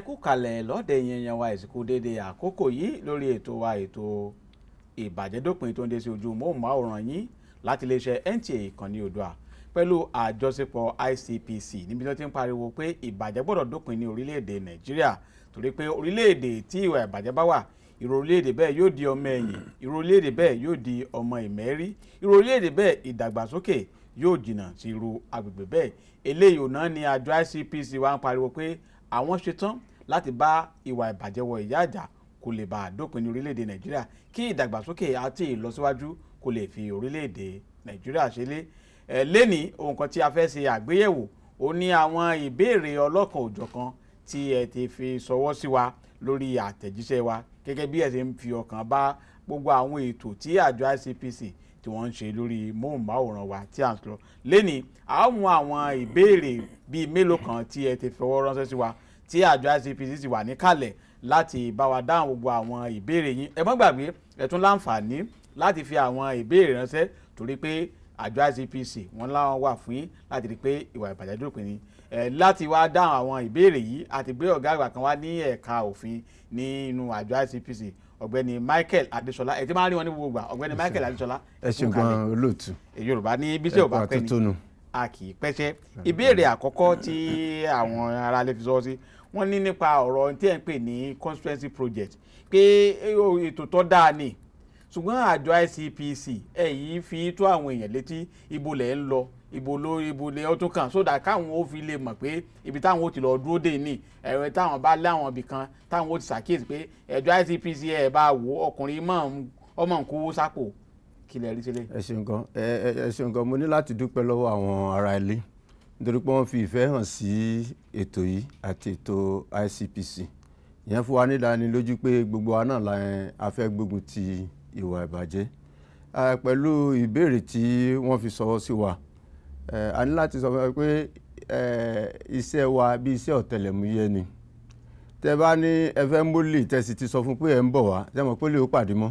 ẹ kú kalẹ̀ lọ́dẹ̀ yẹnyẹn wa ìsìnkú déédéé àkókò yìí lórí ètò wa ètò ìbàjẹ́dópin tó ń dé sí ojú móhùnmáwòrán yín láti iléeṣẹ́ NTA ìkànnì Oòduà pẹ̀lú àjọṣepọ̀ ICPC níbi tí wọ́n ti ń pariwo pé ìbàjẹ́ gbọ́dọ̀ dópin ní orílẹ̀-èdè Nàìjíríà torí pé orílẹ̀-èdè tí ìwà ìbàjẹ́ bá wà irú orílẹ̀-èdè bẹ́ẹ̀ yóò di ọmọ ẹ̀yìn irú orílẹ̀-èdè bẹ́ẹ̀ yóò di ọmọ ìmẹ́rí irú èdè bẹ́ẹ̀ ìdàgbàsókè ICPC wa ń pariwo pé àwọn ṣetán láti bá ìwà ìbàjẹ́ wọ ìyá àjà kó lè bá a dópin ní orílẹ̀-èdè nàìjíríà kí ìdàgbàsókè àti ìlọsíwájú kó lè fi orílẹ̀-èdè nàìjíríà ṣe lé ẹ̀ lẹ́ni ohun kan tí a fẹ́ ṣe àgbéyẹ̀wò ó ní àwọn ìbéèrè ọlọ́kan òjọ̀kan tí ẹ ti fi ṣọwọ́ sí wa lórí àtẹ̀jíṣẹ́ wa gẹ́gẹ́ bí ẹ ṣe ń fi ọkàn bá gbogbo àwọn ètò tí àjọ ICPC tí wọ́n ń ṣe lórí móhùnmáwòrán wa tí à ń sọ lẹ́ni àwọn àwọn ìbéèrè bíi mélòó kan tí ẹ ti fọwọ́ ránṣẹ́ sí wa tí àjọ ICPC ti wà níkàlẹ̀ láti bá wa dáhùn gbogbo àwọn ìbéèrè yín ẹ mọ́ gbàgbé ẹ tún láǹfààní láti fi àwọn ìbéèrè ránṣẹ́ torí pé àjọ ICPC wọn láwọn wà fún yín láti rí i pé ìwà ìbàjẹ́ dópin ni láti wá dáhùn àwọn ìbéèrè yìí àti gbé ọ̀gá àgbà kan wá ní ẹ̀ka òfin nínú àjọ ICPC ọ̀gbẹ́ni michael adesola ẹ ti máa ń rí wọn ní gbogbo gbà ọ̀gbẹ́ni michael adesola ẹ ṣe gan olóòtú yorùbá ní bíṣẹ òbá pẹ ni a kì í pẹṣẹ ìbéèrè wọ́n ní nípa ọ̀rọ̀ tí ẹ̀ ń pè ní constituency project pé ètò tó dáa ni ṣùgbọ́n àjọ ICPC ẹ̀ yìí fi tó àwọn èèyàn létí ibo lẹ̀ ń lọ ibo ló ibo lẹ̀ ó tún kàn sódà káwọn ó fi lè mọ̀ pé ibi táwọn ó ti lọ dúró dé ní ẹ̀rọ táwọn bá láwọn ibì kan táwọn ó ti ṣàkíyèsí pé ẹ̀jọ̀ ICPC ẹ̀ bá wò ọkùnrin ọmọ ń kówó sápò kí lè rí sílẹ̀. ẹ ṣeun gan ẹ ṣeun gan mo ní láti dúpẹ́ lọ́wọ́ àwọn ará ilé nítorí pé wọ́n fi ìfẹ́ hàn sí ètò yìí àti ètò ICPC ìyẹn fún wa nídánilójú pé gbogbo wa náà la afẹ́ gbógun ti ìwà ìbàjẹ́ pẹ̀lú ìbéèrè tí wọ́n fi sọ sí wa a ní láti sọ fún wa pé iṣẹ́ wa bí iṣẹ́ ọ̀tẹlẹ̀múyẹ́ ni tẹ bá ní ẹ fẹ́ mólì tẹ sì ti sọ fún pé ẹ ń bọ̀ wá tẹ mọ̀ pé lè ó pàdé mọ́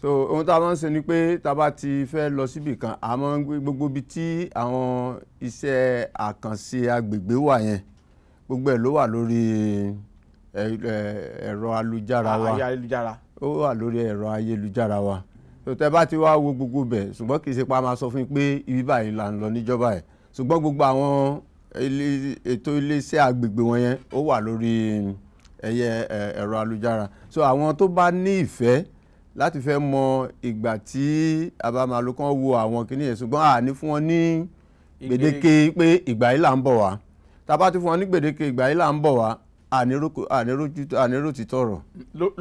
so ohun tá a máa ń ṣe ni pé tá a bá ti fẹ́ lọ síbì kan a máa ń gbogbo ibi tí àwọn iṣẹ́ àkànṣe agbègbè wà yẹn gbogbo ẹ̀ ló wà lórí ẹ̀rọ alújára wa ó wà lórí ẹ̀rọ ayélujára wa so tẹ bá ti wá wo gbogbo bẹ̀ ṣùgbọ́n kì í ṣe pa máa sọ fún yín pé ibi báyìí là ń lọ níjọba ẹ̀ ṣùgbọ́n gbogbo àwọn ètò iléeṣẹ́ agbègbè wọn yẹn ó wà lórí ẹ̀yẹ ẹ̀rọ alújára so àwọn tó bá ní ìfẹ́ láti fẹ́ mọ ìgbà tí abamalu kan wo àwọn kìíní yẹn ṣùgbọ́n àní fún wọn ní gbèdéke pé ìgbà yìí là ń bọ̀ wá tá a bá ti fún wọn ní gbèdéke ìgbà yìí là ń bọ̀ wá àníró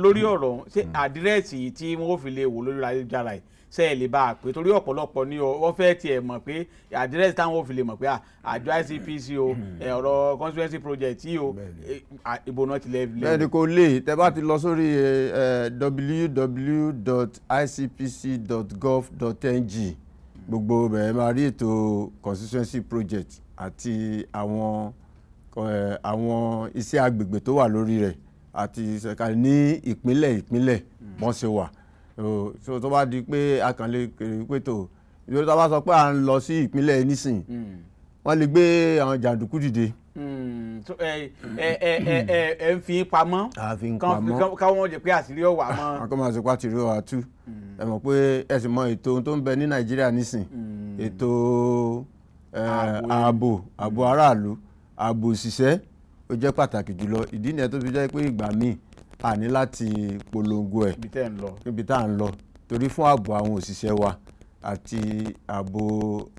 lórí ọ̀rọ̀ ṣé àdírẹ́sì tí wọ́n fi lè wò lórí ayélujára yìí ṣe ẹ lè bá a pé torí ọ̀pọ̀lọpọ̀ ni wọ́n fẹ́ tiẹ̀ mọ̀ pé àdírẹ́sì táwọn ò lè mọ̀ pé ah, àjọ ICPC o ọ̀rọ̀ hmm. constituency project yìí o eh, ìbò náà ti lẹ́ fi lè. bẹ́ẹ̀ni kò lè tẹ bá ti lọ sórí eh, eh, www.icpc.gov.ng gbogbo bẹ̀rẹ̀ máa rí ètò constituency project àti àwọn àwọn iṣẹ́ agbègbè tó wà lórí rẹ̀ àti ìṣẹ̀ka ní ìpínlẹ̀ ìpínlẹ̀ wọ́n ṣe wà. Mm so tó bá di pé a kàn lè kéré pé tó ìdúró tó bá sọ pé à ń lọ sí ìpínlẹ̀ nísìn hmm. wọ́n lè gbé àwọn jàǹdùkú dìde. Hmm. ẹ ń fi pamọ́ káwọn jẹ pé àṣírí ọ̀wà mọ́. akọ́mọ̀ àti pàtìrí ọ̀wà tú hmm. ẹ mọ̀ pé ẹ sì mọ ètò tó ń bẹ ní nàìjíríà nísìn ètò ààbò ààbò aráàlú ààbò òṣìṣẹ́ ó jẹ́ pàtàkì jùlọ ìdí nìyẹn tó fi jẹ́ pé ìgbà míì àní láti polongo ẹ̀ níbi tá à ń lọ torí fún ààbò àwọn òṣìṣẹ́ wa àti ààbò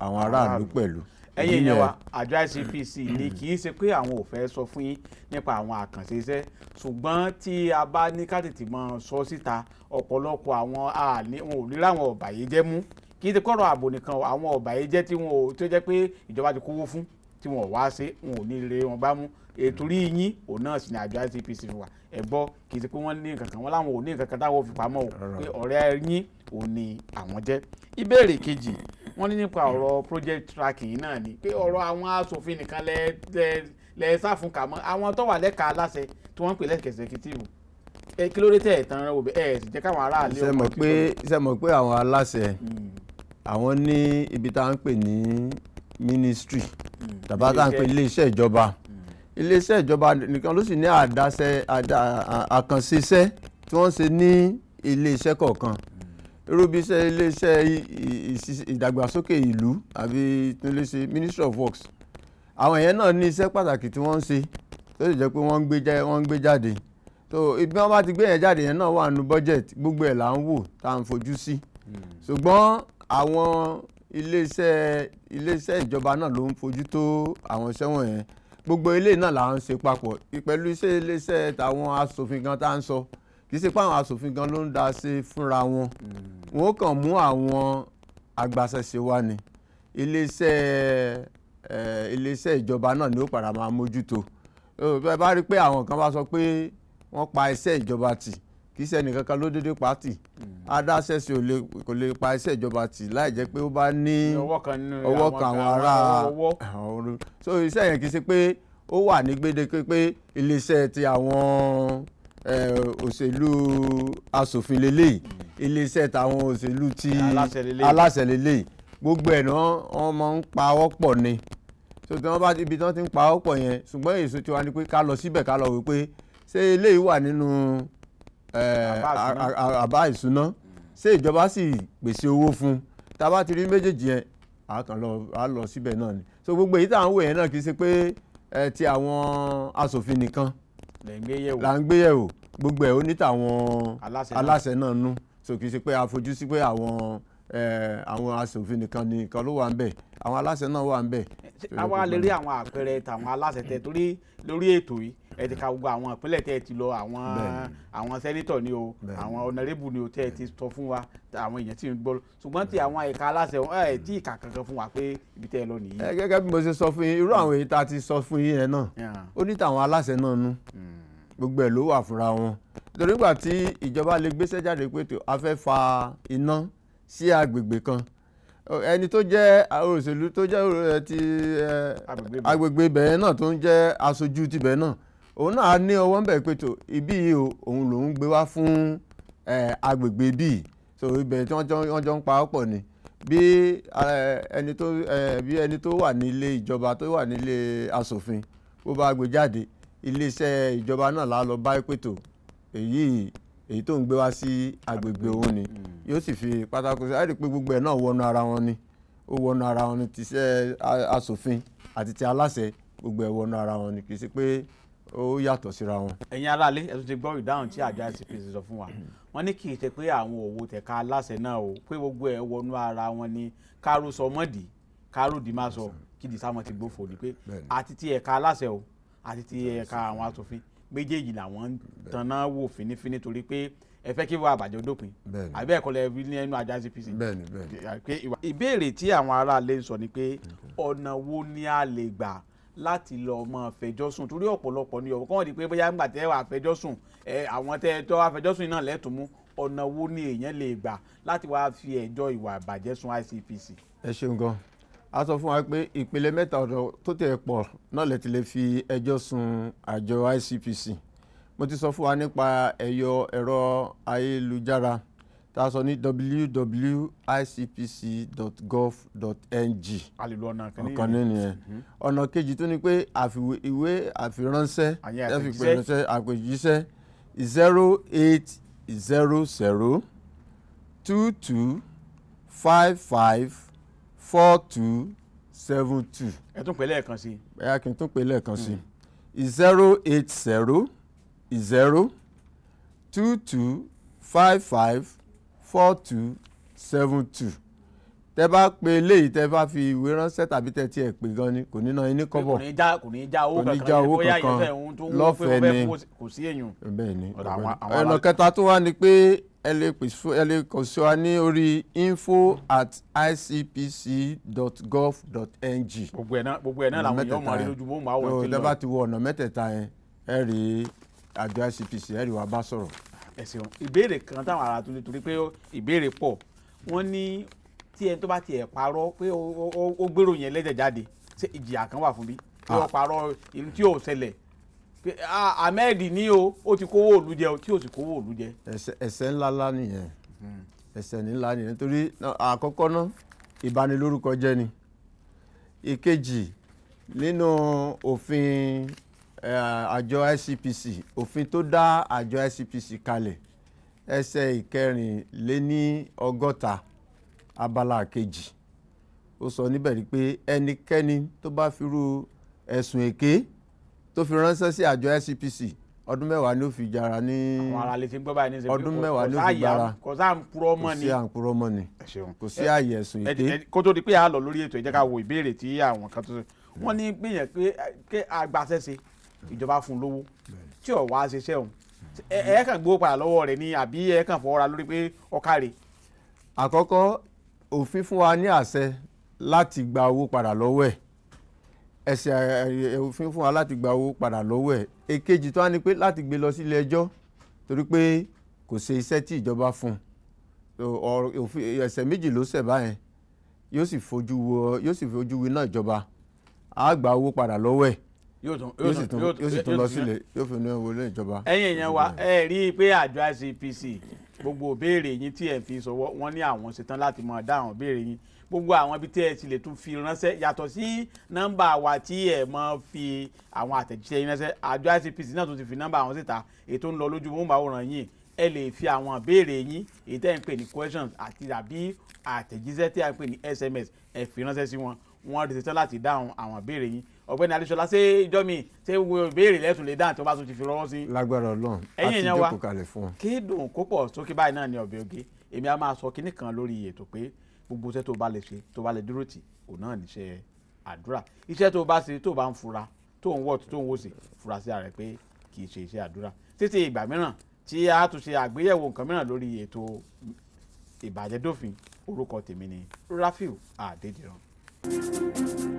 àwọn aráàlú pẹ̀lú. ẹ̀yin èèyàn wa àjọ ICPC ni kì í ṣe pé àwọn ò fẹ́ sọ fún yín nípa àwọn àkànṣe iṣẹ́ ṣùgbọ́n tí a bá ní ká tètè mọ sọ síta ọ̀pọ̀lọpọ̀ àwọn àní wọn ò rí láwọn ọ̀bàyéjẹ́ mú kì í ṣe kọ́rọ̀ ààbò nìkan àwọn ọ̀bàyéjẹ́ tí wọn ò tó jẹ́ pé ìjọba ti kówó fún tí wọn ò wá ṣe wọn ò ní lè wọn bá mú ètò rí yín òun náà sì ní àjọ ICPC fún wa ẹ gbọ́ kì í ṣe pé wọ́n ní nǹkan kan wọ́n ò ní nǹkan táwọn fi pamọ́ o pé ọ̀rẹ́ yín òun ni àwọn jẹ́ ìbéèrè kejì wọ́n ní nípa ọ̀rọ̀ project tracking náà ni pé ọ̀rọ̀ àwọn asòfin nìkan lẹ sáfún kà mọ́ àwọn tó wà lẹ́ka aláṣẹ tí wọ́n ń pè lẹ́ka executive ẹ kí ló dé tẹ̀ ẹ̀ tán rẹ̀ wò bẹ́ẹ̀ ẹ̀ sì jẹ́ káwọn aráàlú ọkọ̀ ṣe mọ̀ pé àwọn aláṣẹ hmm. àwọn ní ibi tá ń pè ní ministry. Mm tàbá tá à ń pè iléeṣẹ́ ìjọba iléeṣẹ́ ìjọba nìkan ló sì ní àdáṣe àkànṣeṣẹ́ tí wọ́n ṣe ní iléeṣẹ́ kọ̀ọ̀kan irú bí iṣẹ́ iléeṣẹ́ ìdàgbàsókè ìlú àbí tìǹlẹ̀ṣẹ̀ ministry of works àwọn èèyàn náà ní iṣẹ́ pàtàkì tí wọ́n ń ṣe tó sì jẹ́ pé wọ́n ń gbé jáde so ibi wọn bá ti gbé yẹn jáde yẹn náà wà nù budget gbogbo ẹ̀ là ń wò tá à ń fojú sí ṣùgbọ́n àwọn iléeṣẹ́ iléeṣẹ́ ìjọba náà ló ń fojú tó àwọn iṣẹ́ wọ̀nyẹn gbogbo ilé náà là ń ṣe papọ̀ pẹ̀lú iṣẹ́ iléeṣẹ́ tàwọn asòfin gan tá à ń sọ kì í ṣe pé àwọn asòfin gan ló ń dá ṣe fúnra wọn hmm. wọn ó kàn mú àwọn agbaṣẹ́ṣe wá ni iléeṣẹ́ iléeṣẹ́ ìjọba náà ni ó padà máa mójútó bẹ́ẹ̀ bá rí i pé àwọn kan bá sọ pé wọ́n pa iṣẹ́ ìjọba tì kì í ṣe ẹnìkankan ló dédé pàtì hmm. adáṣẹ́sẹ̀ kò lè pa iṣẹ́ ìjọba tì láì jẹ́ pé ó bá ní ọwọ́ kan àwọn ará ọ̀run so iṣẹ́ yẹn kì í ṣe pé ó wà ní gbèdéke pé iléeṣẹ́ ti àwọn òṣèlú asòfin lélẹ́yìí hmm. iléeṣẹ́ tàwọn òṣèlú ti aláṣẹ lélẹ́yìí gbogbo ẹ̀ náà wọ́n máa ń pa wọ́pọ̀ ni so tí wọ́n bá ibi tí wọ́n ti ń pa wọ́pọ̀ yẹn ṣùgbọ́n èso tiwa ni pé ká lọ síbẹ̀ ká lọ wí pé ṣé eléyìí wà nínú. Eh, àbá ìṣúná ṣé ìjọba sì pèsè owó fún un tá a bá ti rí méjèèjì yẹn a lọ a lọ síbẹ̀ náà ni so gbogbo èyí tá à ń wò yẹn náà kì í ṣe pé eh, ti àwọn asòfin nìkan là ń gbé yẹ̀wò gbogbo ẹ̀ ó ní tàwọn aláṣẹ náà nú so kì í ṣe pé a fojú sí pé àwọn eh, àwọn asòfin nìkan nìkan ló wà ń bẹ àwọn aláṣẹ náà wà ń bẹ. àwa lè rí àwọn àpẹẹrẹ tàwọn aláṣẹ tẹ torí lórí ètò yìí ẹ ti ka gbogbo àwọn ìpínlẹ̀ tẹ́ ẹ ti lọ àwọn àwọn sẹ́nítọ̀ ni o àwọn ọ̀nàrẹ́bù ni o tẹ́ ẹ ti sọ fún wa àwọn èèyàn ti ń gbọ́ ṣùgbọ́n ti àwọn ẹ̀ka aláṣẹ ẹ̀ tí ìka kankan fún wa pé ibi tẹ́ ẹ lọ nìyí. ẹ gẹ́gẹ́ bí mo ṣe sọ fún yín irú àwọn èyí tá a ti sọ fún yín yẹn náà ó ní tàwọn aláṣẹ náà nú hmm. gbogbo ẹ̀ ló wà fúnra wọn torí nígbà tí ìjọba lè gbéṣẹ́ jáde pé a fẹ́ fa iná sí agbègbè kan ẹni tó jẹ́ òṣèlú tó jẹ́ ti agbègbè ibẹ̀ náà tó ń jẹ́ aṣojú tibẹ̀ náà òun náà ní ọwọ́ ń bẹ̀ pé tó yìí òun lòún gbé wá fún agbègbè bíi so ibẹ̀ tí wọ́n jọ ń pa ọ́pọ̀ ni bí ẹni tó bí ẹni tó wà nílé ìjọba tó wà nílé asòfin bó bá gbé jáde iléeṣẹ́ ìjọba náà lá lọ bá pé tó èyí èyí tó ń gbé wá sí agbègbè òun ni yóò sì fi pátákó sí àìrí pé gbogbo ẹ̀ náà wọnú ara wọn ni ó wọnú ara wọn ni ti asòfin àti ti aláṣẹ gbogbo ẹ̀ wọnú ara wọn ni kì í ṣe pé ó yàtọ̀ síra wọn. ẹ̀yin aráalé ẹ tún ti gbọ́ ìdáhùn tí àjọ ICPC sọ fún wa wọ́n ní kì í ṣe pé àwọn òwò tẹ̀ka aláṣẹ náà o pé gbogbo ẹ̀ wọnú ara wọn ni kárò sọ mọ́dì kárò dì má sọ kídì sáwọn ti gbófò ni pé àti ti ẹ̀ka aláṣẹ o àti ti ẹ̀ka àwọn asòfin méjèèjì làwọn ń tanná wò fínífíní torí pé ẹ fẹ́ kí wọ́n àbàjọ́ dópin àbí ẹ̀kọ́ lẹ rí nínú àjọ ICPC. ìbéèrè tí àwọn aráalé ń sọ ni pé ọ̀nà wo ni a lè gbà láti lọ mọ fẹjọ́ sùn torí ọ̀pọ̀lọpọ̀ ni ọ̀pọ̀ kọ́wọ́n di pé bóyá ńgbà tẹ́ wà fẹjọ́ sùn ẹ àwọn tẹ́ tọ́ afẹjọ́ sùn náà lẹ́tùn mú ọ̀nà wo ni èèyàn lè gbà láti wáá fi ẹjọ́ ìwà ìbàjẹ́ sùn ICPC. ẹ ṣeun gan a sọ fún wa pé ìpele mẹ́ta ọ̀dọ̀ tó tẹ̀ pọ̀ náà lè ti lè fi ẹjọ́ sùn àjọ ICPC mo ti sọ fún wa nípa ẹ̀yọ ẹ̀rọ ayélujára tá a sọ ní www.icpc.gov.ng ọ̀kan nínú yẹn mm-hmm. ọ̀nà kejì tó ní pé ìwé àfiránṣẹ́ ah, àfipèránṣẹ́ zero eight zero zero two two five five four two seven two. ẹ tún pè lẹ́ẹ̀kan sí. ẹ kì í tún pè lẹ́ẹ̀kan sí zero eight zero zero two two five five four two seven two tẹ bá pe eléyìí tẹ bá fi ìwé ránṣẹ́ tàbí tẹ tiẹ̀ pè gan ni kò ní ná yín ní kọ́bọ̀ kò ní já kò ní já owó kankan yẹn bóyá ìfẹ́ kò sí èèyàn. bẹ́ẹ̀ ni ọ̀nà kẹta tó wá ni pé ẹ lè kàn sí wa ní orí info at icpc.gov.ng. gbogbo ẹ̀ náà gbogbo ẹ̀ náà làwọn èèyàn máa rí lójú bó máa wọ̀ ẹ́ tí lọ. tẹ bá ti wọ ọ̀nà mẹ́tẹ̀ẹ̀ta yẹn ẹ rí àjọ icpc ẹ rí wa bá sọ̀rọ̀ ẹ ṣeun ìbéèrè kan táwọn ará tó lè torí pé ìbéèrè pọ̀ wọ́n ní tí ẹni tó bá tiẹ̀ parọ́ pé ó gbèrò yẹn lẹ́jẹ̀ jáde ṣé ìjìyà kan wà fún bí pé ó ah. parọ́ ìlú tí ò ṣẹlẹ̀ pé Ahmed ní o ó ti kówó òlu jẹ o tí ò sì kówó òlu jẹ. ẹ̀ṣẹ̀ ńlá ńlá nìyẹn hmm. ẹ̀ṣẹ̀ ńlá nìyẹn torí àkọ́kọ́ náà ìbanilórúkọ jẹ́ ni ìkejì nínú òfin àjọ ICPC òfin tó dá àjọ ICPC kalẹ̀ ẹsẹ̀ ìkẹrìnléní ọgọ́ta abala kejì ó sọ níbẹ̀ rí pé ẹnikẹ́ni tó bá firú ẹ̀sùn èké tó fi ránṣẹ́ sí àjọ ICPC ọdún mẹ́wàá ni ó fi jara ní ọdún mẹ́wàá ni ó fi jara kò sí àǹkúrọ́ mọ́ ni kò sí àyè ẹ̀sùn èké. kó tó di pé a lọ lórí ètò ẹ wo ìbéèrè tí àwọn kan tó wọ́n ní gbìyànjú pé àgbàṣẹ́ṣe ìjọba fún un lówó tí ò wá ṣiṣẹ́ òun ẹ kàn gbowó padà lọ́wọ́ rẹ̀ ni àbí ẹ kàn fọwọ́ra lórí pé ọkà rè. àkọ́kọ́ òfin fún wa ní àṣẹ láti gba owó padà lọ́wọ́ ẹ̀ ẹsẹ̀ òfin fún wa láti gba owó padà lọ́wọ́ ẹ̀ èkejì tó wá ní pé láti gbé lọ sílé ẹjọ́ torí pé kò ṣe iṣẹ́ tí ìjọba fún un méjì ló ṣẹ̀ báyẹn yóò sì fojú wo yóò sì fojú winá ìjọba àá gba owó padà lọ́wọ́ ẹ̀ yóò sì tún lọ sílé yóò fi ní wọlé ìjọba. ẹ̀yin èèyàn wa ẹ rí i pé àjọ ICPC gbogbo òbéèrè yín tí ẹ fi sọwọ́ wọn ní àwọn ṣetán láti máa dá àwọn òbéèrè yín gbogbo àwọn ibi tí ẹ ti lè tún fi ránṣẹ́ yàtọ̀ sí nọ́mbà wa tí ẹ mọ fi àwọn àtẹ̀jíṣẹ́ yín ránṣẹ́ àjọ ICPC náà tún ti fi nọ́mbà àwọn síta ètò ń lọ lójú mọ́ àwòrán yìí ẹ lè fi àwọn ìbéèrè yín èyí tẹ́ ń pè ní questions àti àbí àtẹ̀jíṣẹ́ tí a ń pè ní SMS ẹ fi ránṣẹ́ sí wọn wọ́n ti ṣetán láti dáhùn àwọn ìbéèrè yín ọ̀gbẹ́ni adéṣọlá ṣé ìjọ mi ṣé wo ìbéèrè lẹ́tùn lè dáhùn tó bá tún ti fi rọ́wọ́ sí. lágbára Ọlọ́run a ti jókòó kalẹ̀ fún un. kí dùn kó pọ̀ sókè báyìí náà ni ọ̀bẹ oge èmi a máa sọ kinní kan lórí ètò pé gbogbo iṣẹ́ tó bá lè ṣe tó bá lè dúró tì òun náà níṣẹ́ àdúrà iṣẹ́ tó bá ṣe tó bá ń fura tó ń wọ̀ tó ń wò sí fura sí ara rẹ̀ pé kì í ṣe iṣẹ́ àdúrà títí ìgbà mìíràn tí a tún ṣe àgbéyẹ̀wò nǹkan mìíràn lórí ètò ìbàjẹ́dófin orúkọ tèmi ni Rafiu Adédìran. thank